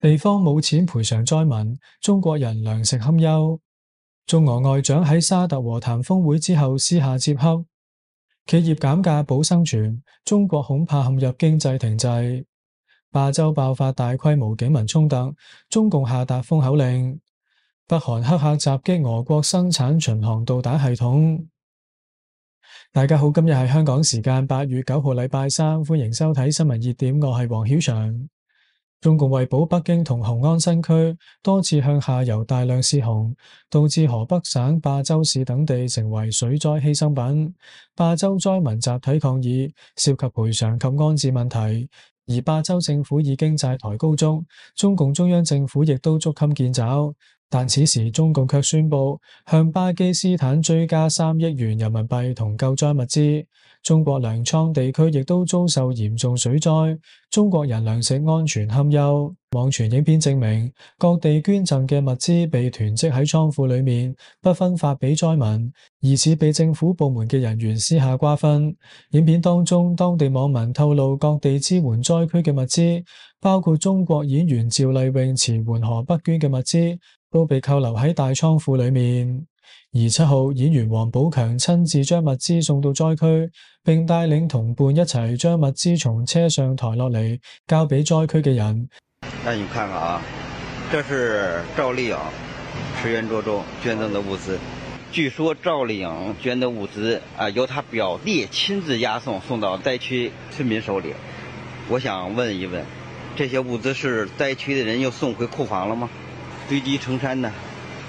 地方冇錢賠償災民，中國人糧食堪憂。中俄外長喺沙特和談峰會之後私下接洽，企業減價保生存。中國恐怕陷入經濟停滯。霸州爆發大規模警民衝突，中共下達封口令。北韓黑客襲擊俄國生產巡航導彈系統。大家好，今日係香港時間八月九號，禮拜三，歡迎收睇新聞熱點，我係黃曉翔。中共為保北京同雄安新區，多次向下游大量洩洪，導致河北省霸州市等地成為水災犧牲品。霸州災民集體抗議，涉及賠償及安置問題，而霸州政府已經債台高築。中共中央政府亦都捉襟見肘，但此時中共卻宣布向巴基斯坦追加三億元人民幣同救災物資。中國糧倉地區亦都遭受嚴重水災，中國人糧食安全堪憂。網傳影片證明，各地捐贈嘅物資被囤積喺倉庫裏面，不分發俾災民，疑似被政府部門嘅人員私下瓜分。影片當中，當地網民透露，各地支援災區嘅物資，包括中國演員趙麗穎馳援河北捐嘅物資，都被扣留喺大倉庫裏面。而七號演員王寶強親自將物資送到災區，並帶領同伴一齊將物資從車上抬落嚟，交俾災區嘅人。那你看看啊，這是趙麗穎馳援涿州捐贈的物資。據說趙麗穎捐的物資啊，由他表弟親自押送送到災區村民手裏。我想問一問，這些物資是災區的人又送回庫房了嗎？堆積成山呢？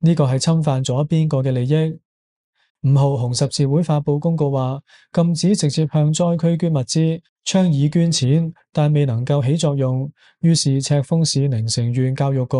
呢個係侵犯咗邊個嘅利益？五號紅十字會發佈公告話，禁止直接向災區捐物資，倡議捐錢，但未能夠起作用。於是赤峰市寧城縣教育局。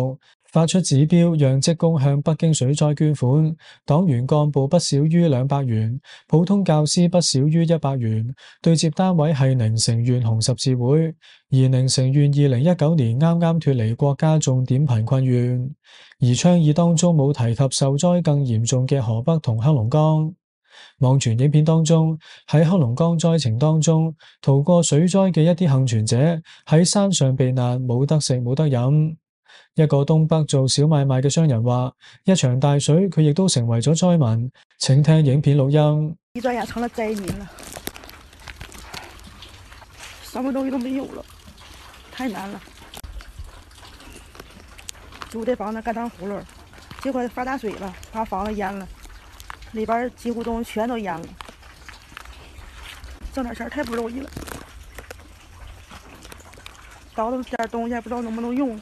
發出指標，讓職工向北京水災捐款，黨員幹部不少於兩百元，普通教師不少於一百元。對接單位係寧城縣紅十字會，而寧城縣二零一九年啱啱脱離國家重點貧困縣，而倡議當中冇提及受災更嚴重嘅河北同黑龍江。網傳影片當中，喺黑龍江災情當中逃過水災嘅一啲幸存者喺山上避難，冇得食，冇得飲。一個東北做小買賣，賣的商人話，一場大水，佢亦都成為咗災民。請聽影片錄音。一轉眼成了災民了。什麼東西都沒有了，太難了。租的房子幹糖葫蘆，結果發大水了，把房子淹了，裏邊幾乎東西全都淹了。掙點錢太不容易了。倒騰點東西，還不知道能不能用。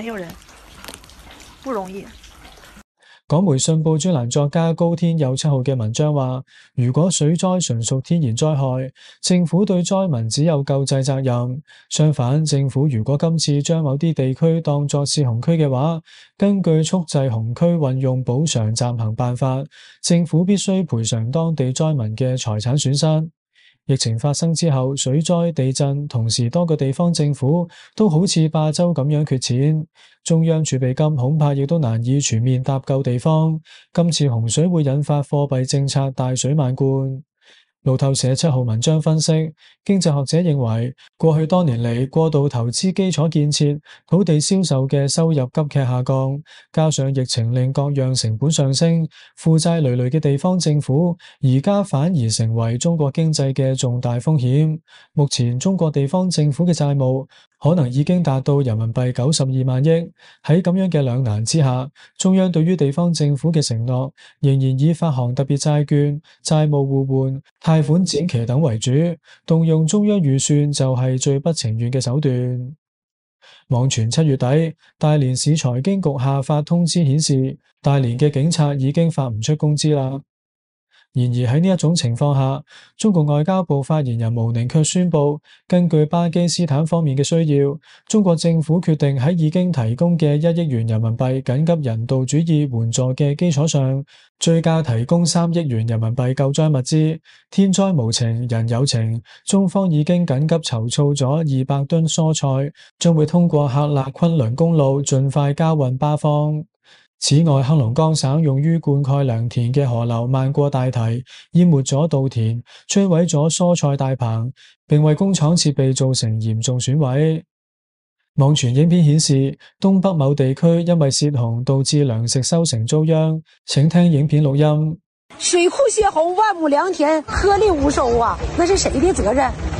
沒有人不容易。港媒信報專欄作家高天有七號嘅文章話，如果水災純屬天然災害，政府對災民只有救濟責任。相反，政府如果今次將某啲地區當作是洪區嘅話，根據蓄滯洪區運用補償暫行辦法，政府必須賠償當地災民嘅財產損失。疫情發生之後，水災、地震，同時多個地方政府都好似霸州咁樣缺錢，中央儲備金恐怕亦都難以全面搭救地方。今次洪水會引發貨幣政策大水漫灌。路透社七號文章分析，經濟學者認為過去多年嚟過度投資基礎建設、土地銷售嘅收入急劇下降，加上疫情令各樣成本上升，負債累累嘅地方政府而家反而成為中國經濟嘅重大風險。目前中國地方政府嘅債務可能已經達到人民幣九十二萬億。喺咁樣嘅兩難之下，中央對於地方政府嘅承諾仍然以發行特別債券、債務互換。貸款展期等為主，動用中央預算就係最不情願嘅手段。網傳七月底，大連市財經局下發通知顯示，大連嘅警察已經發唔出工資啦。然而喺呢一種情況下，中國外交部發言人毛寧卻宣佈，根據巴基斯坦方面嘅需要，中國政府決定喺已經提供嘅一億元人民幣緊急人道主義援助嘅基礎上，追加提供三億元人民幣救災物資。天災無情人有情，中方已經緊急籌措咗二百噸蔬菜，將會通過喀喇崑崙公路盡快交運巴方。此外，黑龍江省用於灌溉良田嘅河流漫過大堤，淹沒咗稻田，摧毀咗蔬菜大棚，並為工廠設備造成嚴重損毀。網傳影片顯示，東北某地區因為洩洪導致糧食收成遭殃。請聽影片錄音。水庫洩洪，萬畝良田顆粒無收啊！那是誰的責任？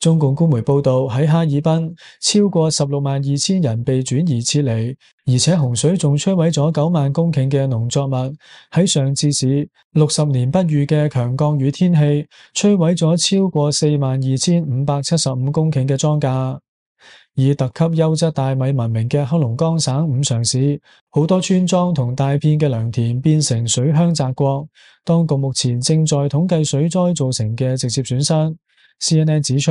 中共官媒報道喺哈爾濱，超過十六萬二千人被轉移撤離，而且洪水仲摧毀咗九萬公頃嘅農作物。喺尚志市六十年不遇嘅強降雨天氣，摧毀咗超過四萬二千五百七十五公頃嘅莊稼。以特級優質大米聞名嘅黑龍江省五常市，好多村莊同大片嘅良田變成水鄉澤國。當局目前正在統計水災造成嘅直接損失。CNN 指出，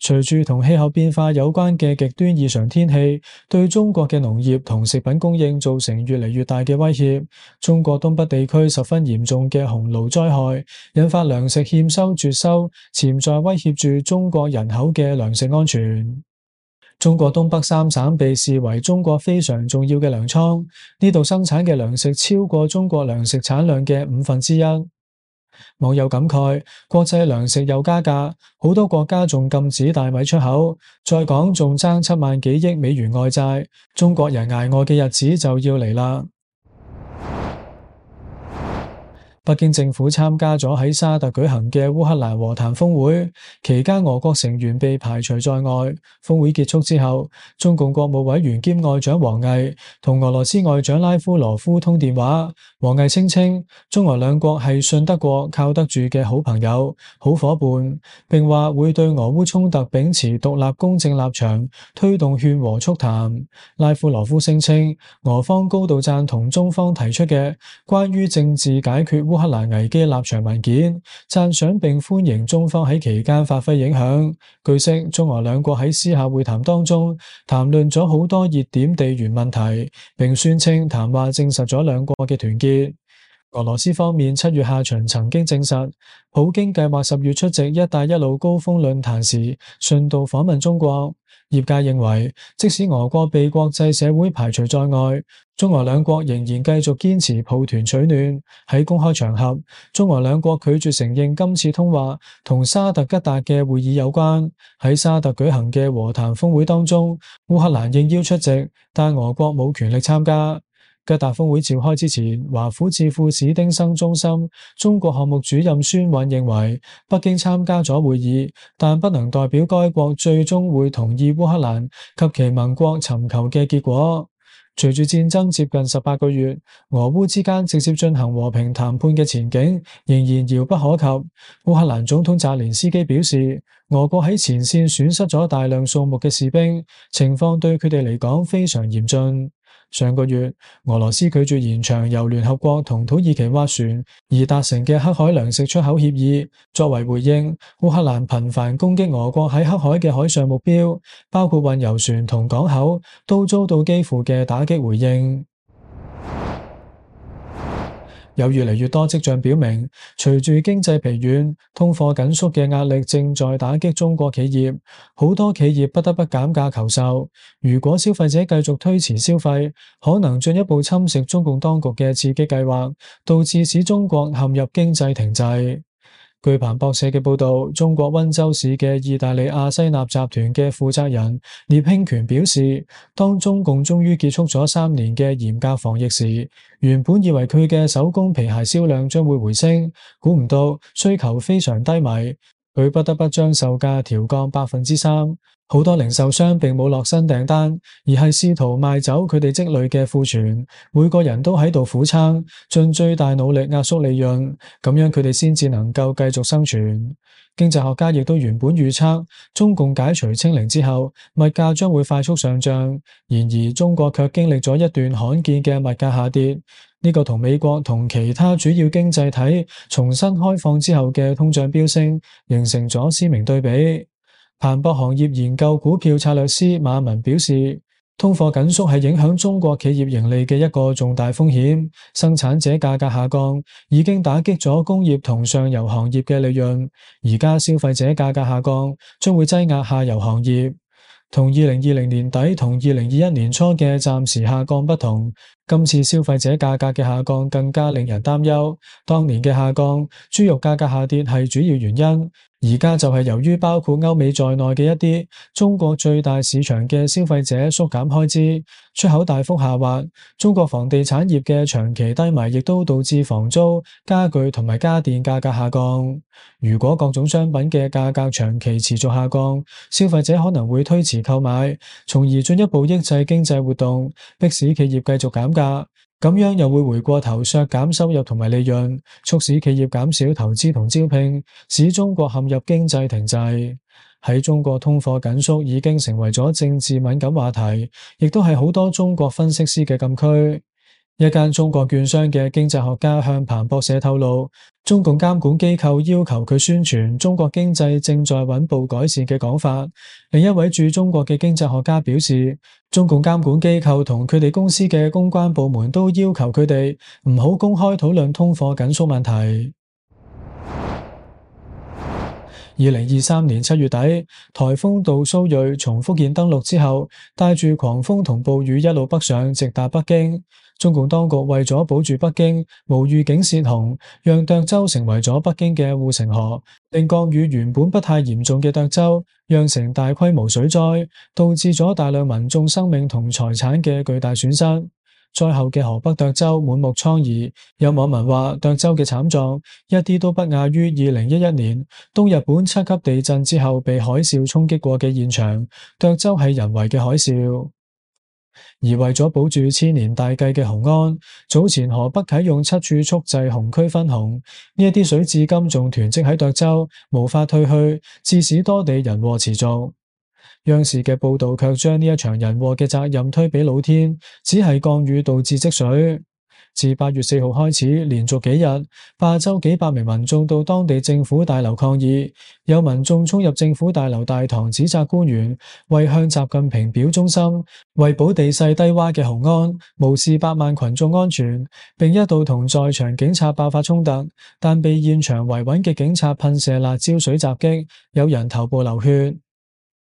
隨住同氣候變化有關嘅極端異常天氣，對中國嘅農業同食品供應造成越嚟越大嘅威脅。中國東北地區十分嚴重嘅洪澇災害，引發糧食欠收、絕收，潛在威脅住中國人口嘅糧食安全。中國東北三省被視為中國非常重要嘅糧倉，呢度生產嘅糧食超過中國糧食產量嘅五分之一。網友感慨：國際糧食又加價，好多國家仲禁止大米出口，再講仲爭七萬幾億美元外債，中國人捱餓嘅日子就要嚟啦！北京政府參加咗喺沙特舉行嘅烏克蘭和談峰會，期間俄國成員被排除在外。峰會結束之後，中共國務委員兼外長王毅同俄羅斯外長拉夫羅夫通電話。王毅聲稱中俄兩國係信得過、靠得住嘅好朋友、好夥伴，並話會對俄烏衝突秉持獨立公正立場，推動勸和促談。拉夫羅夫聲稱俄方高度贊同中方提出嘅關於政治解決烏烏克蘭危機立場文件，讚賞並歡迎中方喺期間發揮影響。據悉，中俄兩國喺私下會談當中，談論咗好多熱點地緣問題，並宣稱談話證實咗兩國嘅團結。俄羅斯方面七月下旬曾經證實，普京計劃十月出席一帶一路高峰論壇時，順道訪問中國。業界認為，即使俄國被國際社會排除在外，中俄兩國仍然繼續堅持抱團取暖。喺公開場合，中俄兩國拒絕承認今次通話同沙特吉達嘅會議有關。喺沙特舉行嘅和談峰會當中，烏克蘭應邀出席，但俄國冇權力參加。吉達峰會召開之前，華府智庫史丁生中心中國項目主任孫韻認為，北京參加咗會議，但不能代表該國最終會同意烏克蘭及其盟國尋求嘅結果。隨住戰爭接近十八個月，俄烏之間直接進行和平談判嘅前景仍然遙不可及。烏克蘭總統澤連斯基表示，俄國喺前線損失咗大量數目嘅士兵，情況對佢哋嚟講非常嚴峻。上個月，俄羅斯拒絕延長由聯合國同土耳其斡旋而達成嘅黑海糧食出口協議。作為回應，烏克蘭頻繁攻擊俄國喺黑海嘅海上目標，包括運油船同港口，都遭到幾乎嘅打擊回應。有越嚟越多跡象表明，隨住經濟疲軟、通貨緊縮嘅壓力正在打擊中國企業，好多企業不得不減價求售。如果消費者繼續推遲消費，可能進一步侵蝕中共當局嘅刺激計劃，導致使中國陷入經濟停滯。據彭博社嘅報道，中國溫州市嘅意大利亞西納集團嘅負責人聶興權表示，當中共終於結束咗三年嘅嚴格防疫時，原本以為佢嘅手工皮鞋銷量將會回升，估唔到需求非常低迷。佢不得不將售價調降百分之三，好多零售商並冇落新訂單，而係試圖賣走佢哋積累嘅庫存。每個人都喺度苦撐，盡最大努力壓縮利潤，咁樣佢哋先至能夠繼續生存。經濟學家亦都原本預測，中共解除清零之後，物價將會快速上漲，然而中國卻經歷咗一段罕見嘅物價下跌。呢個同美國同其他主要經濟體重新開放之後嘅通脹飆升，形成咗鮮明對比。彭博行業研究股票策略師馬文表示，通貨緊縮係影響中國企業盈利嘅一個重大風險。生產者價格下降已經打擊咗工業同上游行業嘅利潤，而家消費者價格下降將會擠壓下游行業。同二零二零年底同二零二一年初嘅暫時下降不同。今次消費者價格嘅下降更加令人擔憂。當年嘅下降，豬肉價格下跌係主要原因。而家就係由於包括歐美在內嘅一啲中國最大市場嘅消費者縮減開支，出口大幅下滑，中國房地產業嘅長期低迷亦都導致房租、家具同埋家電價格下降。如果各種商品嘅價格長期持續下降，消費者可能會推遲購買，從而進一步抑制經濟活動，迫使企業繼續減價咁樣又會回過頭削減收入同埋利潤，促使企業減少投資同招聘，使中國陷入經濟停滯。喺中國通貨緊縮已經成為咗政治敏感話題，亦都係好多中國分析師嘅禁區。一間中國券商嘅經濟學家向彭博社透露，中共監管機構要求佢宣傳中國經濟正在穩步改善嘅講法。另一位駐中國嘅經濟學家表示，中共監管機構同佢哋公司嘅公關部門都要求佢哋唔好公開討論通貨緊縮問題。二零二三年七月底，台風杜蘇芮從福建登陸之後，帶住狂風同暴雨一路北上，直達北京。中共當局為咗保住北京，無預警泄洪，讓涿州成為咗北京嘅護城河，令降雨原本不太嚴重嘅涿州釀成大規模水災，導致咗大量民眾生命同財產嘅巨大損失。災後嘅河北涿州滿目瘡痍，有網民話涿州嘅慘狀一啲都不亞於二零一一年東日本七級地震之後被海嘯衝擊過嘅現場。涿州係人為嘅海嘯，而為咗保住千年大計嘅雄安，早前河北啟用七處蓄滯洪區分洪，呢一啲水至今仲囤積喺涿州，無法退去，致使多地人禍持續。央視嘅報道卻將呢一場人禍嘅責任推俾老天，只係降雨導致積水。自八月四號開始，連續幾日，霸州幾百名民眾到當地政府大樓抗議，有民眾衝入政府大樓大堂，指責官員為向習近平表忠心，為保地勢低窪嘅雄安無視百萬群眾安全，並一度同在場警察爆發衝突，但被現場維穩嘅警察噴射辣椒水襲擊，有人頭部流血。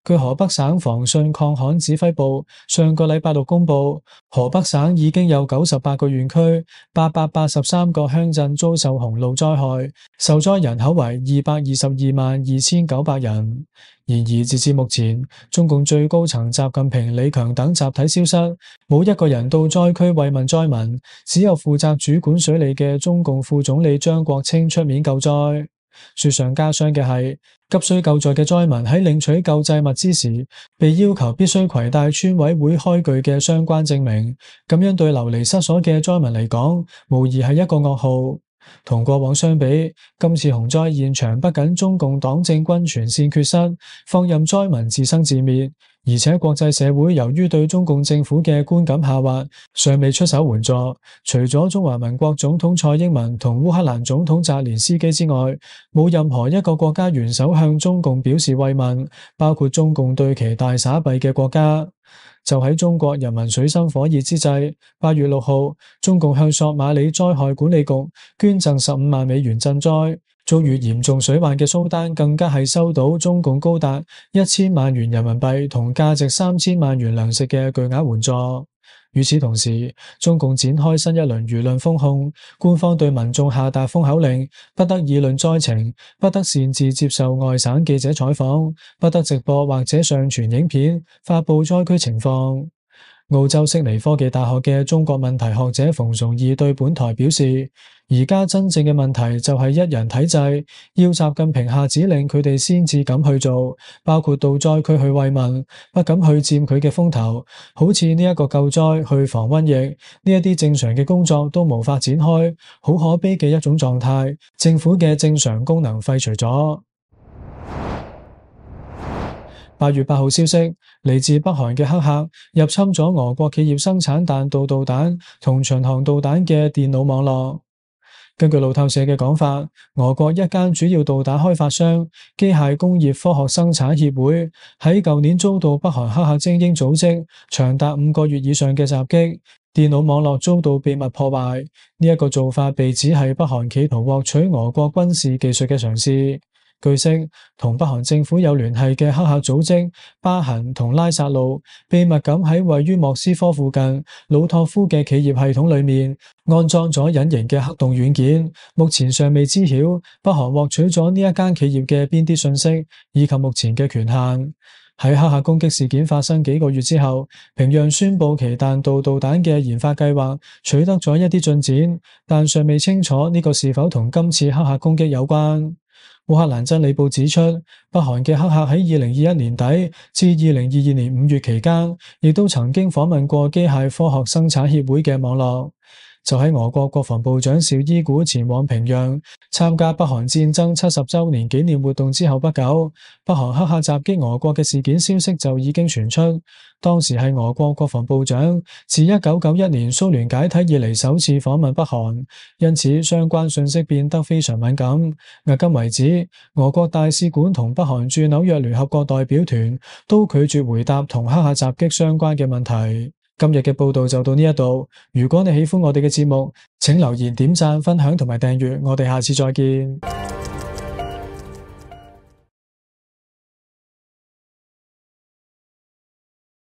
據河北省防汛抗旱指揮部上個禮拜六公布，河北省已經有九十八個縣區、八百八十三個鄉鎮遭受洪澇災害，受災人口為二百二十二萬二千九百人。然而，而，截至目前，中共最高層習近平、李強等集體消失，冇一個人到災區慰問災民，只有負責主管水利嘅中共副總理張國清出面救災。雪上加霜嘅係，急需救助嘅災民喺領取救濟物資時，被要求必須攜帶村委會開具嘅相關證明，咁樣對流離失所嘅災民嚟講，無疑係一個噩耗。同過往相比，今次洪災現場不僅中共黨政軍全線缺失，放任災民自生自滅。而且國際社會由於對中共政府嘅觀感下滑，尚未出手援助。除咗中華民國總統蔡英文同烏克蘭總統澤連斯基之外，冇任何一個國家元首向中共表示慰問，包括中共對其大撒幣嘅國家。就喺中國人民水深火熱之際，八月六號，中共向索馬里災害管理局捐贈十五萬美元賑災。遭遇嚴重水患嘅蘇丹，更加係收到中共高達一千萬元人民幣同價值三千萬元糧食嘅巨額援助。與此同時，中共展開新一輪輿論封控，官方對民眾下達封口令，不得議論災情，不得擅自接受外省記者採訪，不得直播或者上傳影片發布災區情況。澳洲悉尼科技大學嘅中國問題學者馮崇義對本台表示，而家真正嘅問題就係一人體制，要習近平下指令，佢哋先至敢去做，包括到災區去慰問，不敢去佔佢嘅風頭，好似呢一個救災、去防瘟疫，呢一啲正常嘅工作都無法展開，好可悲嘅一種狀態，政府嘅正常功能廢除咗。八月八號消息，嚟自北韓嘅黑客入侵咗俄國企業生產彈道導彈同巡航導彈嘅電腦網絡。根據路透社嘅講法，俄國一間主要導彈開發商、機械工業科學生產協會喺舊年遭到北韓黑客精英組織長達五個月以上嘅襲擊，電腦網絡遭到秘密破壞。呢一個做法被指係北韓企圖獲取俄國軍事技術嘅嘗試。據悉，同北韓政府有聯繫嘅黑客組織巴痕同拉撒路，秘密咁喺位於莫斯科附近魯托夫嘅企業系統裏面安裝咗隱形嘅黑洞軟件。目前尚未知曉北韓獲取咗呢一間企業嘅邊啲信息以及目前嘅權限。喺黑客攻擊事件發生幾個月之後，平壤宣布其彈道導彈嘅研發計劃取得咗一啲進展，但尚未清楚呢個是否同今次黑客攻擊有關。烏克蘭真理報指出，北韓嘅黑客喺二零二一年底至二零二二年五月期間，亦都曾經訪問過機械科學生產協會嘅網絡。就喺俄國國防部長紹伊古前往平壤參加北韓戰爭七十周年紀念活動之後不久，北韓黑客襲擊俄國嘅事件消息就已經傳出。當時係俄國國防部長自一九九一年蘇聯解體以嚟首次訪問北韓，因此相關信息變得非常敏感。迄今為止，俄國大使館同北韓駐紐約聯合國代表團都拒絕回答同黑客襲擊相關嘅問題。今日嘅報道就到呢一度。如果你喜歡我哋嘅節目，請留言、點讚、分享同埋訂閱。我哋下次再見。